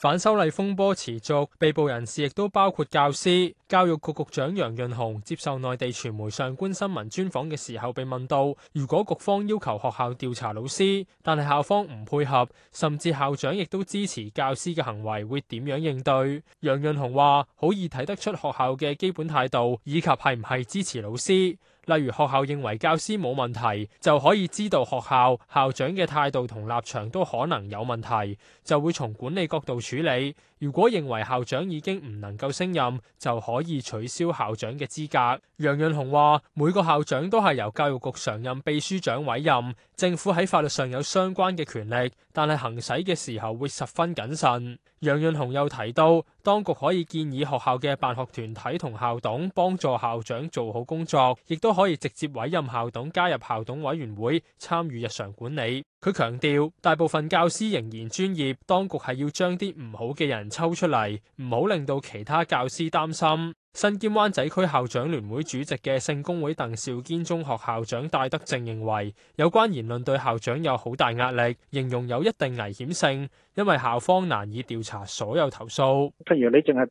反修例風波持續，被捕人士亦都包括教師。教育局局長楊潤雄接受內地傳媒上觀新聞專訪嘅時候，被問到如果局方要求學校調查老師，但係校方唔配合，甚至校長亦都支持教師嘅行為，會點樣應對？楊潤雄話：好易睇得出學校嘅基本態度，以及係唔係支持老師。例如學校認為教師冇問題，就可以知道學校校長嘅態度同立場都可能有問題，就會從管理角度處理。如果認為校長已經唔能夠勝任，就可以取消校長嘅資格。楊潤雄話：每個校長都係由教育局常任秘書長委任，政府喺法律上有相關嘅權力。但係行使嘅時候會十分謹慎。楊潤雄又提到，當局可以建議學校嘅辦學團體同校董幫助校長做好工作，亦都可以直接委任校董加入校董委員會參與日常管理。佢強調，大部分教師仍然專業，當局係要將啲唔好嘅人抽出嚟，唔好令到其他教師擔心。身兼灣仔區校長聯會主席嘅聖公會鄧肇堅中學校長戴德正認為，有關言論對校長有好大壓力，形容有一定危險性，因為校方難以調查所有投訴。譬如你淨係誒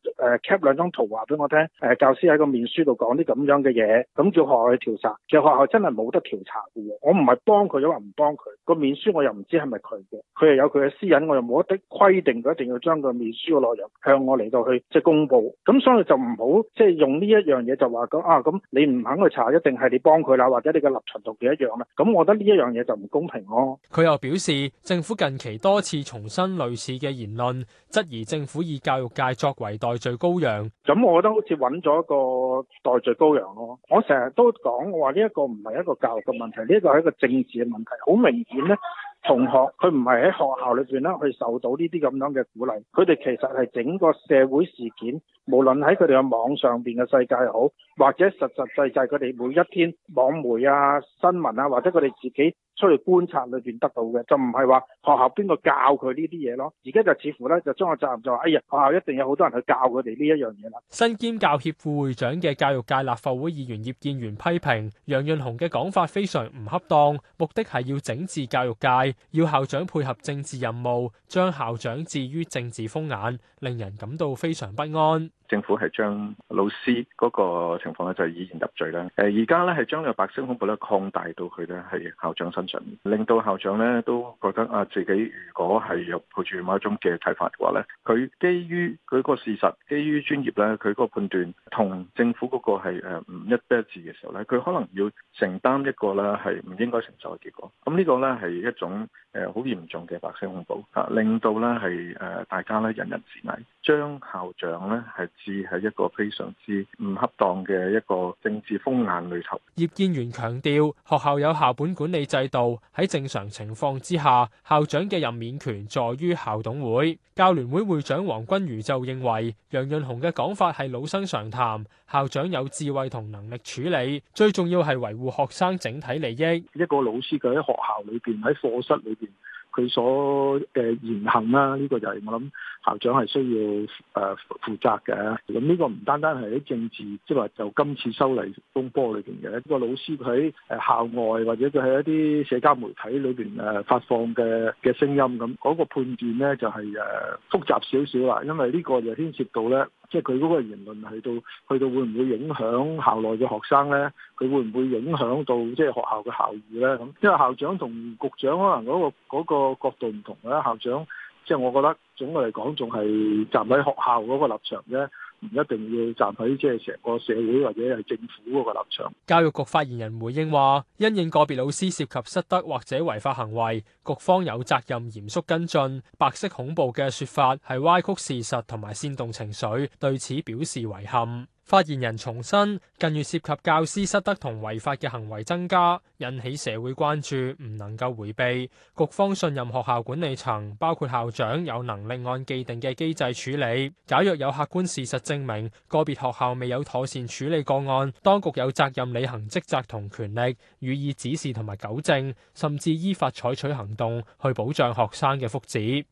，cap 兩張圖話俾我聽，誒，教師喺個面書度講啲咁樣嘅嘢，咁叫學校去調查，其實學校真係冇得調查嘅。我唔係幫佢，亦話唔幫佢。個面書我又唔知係咪佢嘅，佢又有佢嘅私隱，我又冇得規定，佢一定要將個面書嘅內容向我嚟到去即係公佈，咁所以就唔好即係用呢一樣嘢就話咁啊，咁你唔肯去查，一定係你幫佢啦，或者你嘅立場同佢一樣啦，咁我覺得呢一樣嘢就唔公平咯。佢又表示，政府近期多次重申類似嘅言論，質疑政府以教育界作為代罪羔羊。咁我覺得好似揾咗一個代罪羔羊咯。我成日都講，我話呢一個唔係一個教育嘅問題，呢一個係一個政治嘅問題，好明顯。點咧？同學，佢唔係喺學校裏邊咧，去受到呢啲咁樣嘅鼓勵。佢哋其實係整個社會事件，無論喺佢哋嘅網上邊嘅世界好，或者實實際際，佢哋每一天網媒啊、新聞啊，或者佢哋自己，出去觀察裏邊得到嘅，就唔係話學校邊個教佢呢啲嘢咯。而家就似乎咧，就將個責任就話：哎呀，學校一定有好多人去教佢哋呢一樣嘢啦。身兼教協副會長嘅教育界立法會議員葉建源批評楊潤雄嘅講法非常唔恰當，目的係要整治教育界，要校長配合政治任務，將校長置於政治風眼，令人感到非常不安。政府係將老師嗰個情況咧，就係以言入罪啦。誒，而家呢，係將呢個白色恐怖咧擴大到佢呢係校長身。令到校長咧都覺得啊，自己如果係有抱住某種嘅睇法嘅話咧，佢基於佢個事實，基於專業咧，佢個判斷同政府嗰個係誒唔一不一致嘅時候咧，佢可能要承擔一個咧係唔應該承受嘅結果。咁呢個咧係一種誒好嚴重嘅白色恐怖啊，令到咧係誒大家咧人人自危，將校長咧係置喺一個非常之唔恰當嘅一個政治風眼裏頭。葉建源強調，學校有校本管理制度。喺正常情況之下，校長嘅任免權在於校董會。教聯會會長黃君如就認為，楊潤雄嘅講法係老生常談，校長有智慧同能力處理，最重要係維護學生整體利益。一個老師佢喺學校裏邊喺課室裏邊。佢所嘅言行啦，呢、這個就係我諗校長係需要誒、啊、負責嘅。咁呢個唔單單係喺政治，即係話就今次修例風波裏邊嘅。呢、那個老師喺誒校外或者佢喺一啲社交媒體裏邊誒、啊、發放嘅嘅聲音，咁嗰個判斷咧就係、是、誒、啊、複雜少少啦。因為呢個就牽涉到咧，即係佢嗰個言論去到去到會唔會影響校內嘅學生咧？佢會唔會影響到即係學校嘅校譽咧？咁因為校長同局長可能嗰個嗰個。那個個角度唔同啦，校長，即係我覺得，總嘅嚟講，仲係站喺學校嗰個立場啫，唔一定要站喺即係成個社會或者係政府嗰個立場。教育局發言人回應話，因應個別老師涉及失德或者違法行為，局方有責任嚴肅跟進。白色恐怖嘅說法係歪曲事實同埋煽動情緒，對此表示遺憾。發言人重申，近月涉及教師失德同違法嘅行為增加，引起社會關注，唔能夠回避。局方信任學校管理層，包括校長有能力按既定嘅機制處理。假若有客觀事實證明，個別學校未有妥善處理個案，當局有責任履行職責同權力，予以指示同埋糾正，甚至依法採取行動去保障學生嘅福祉。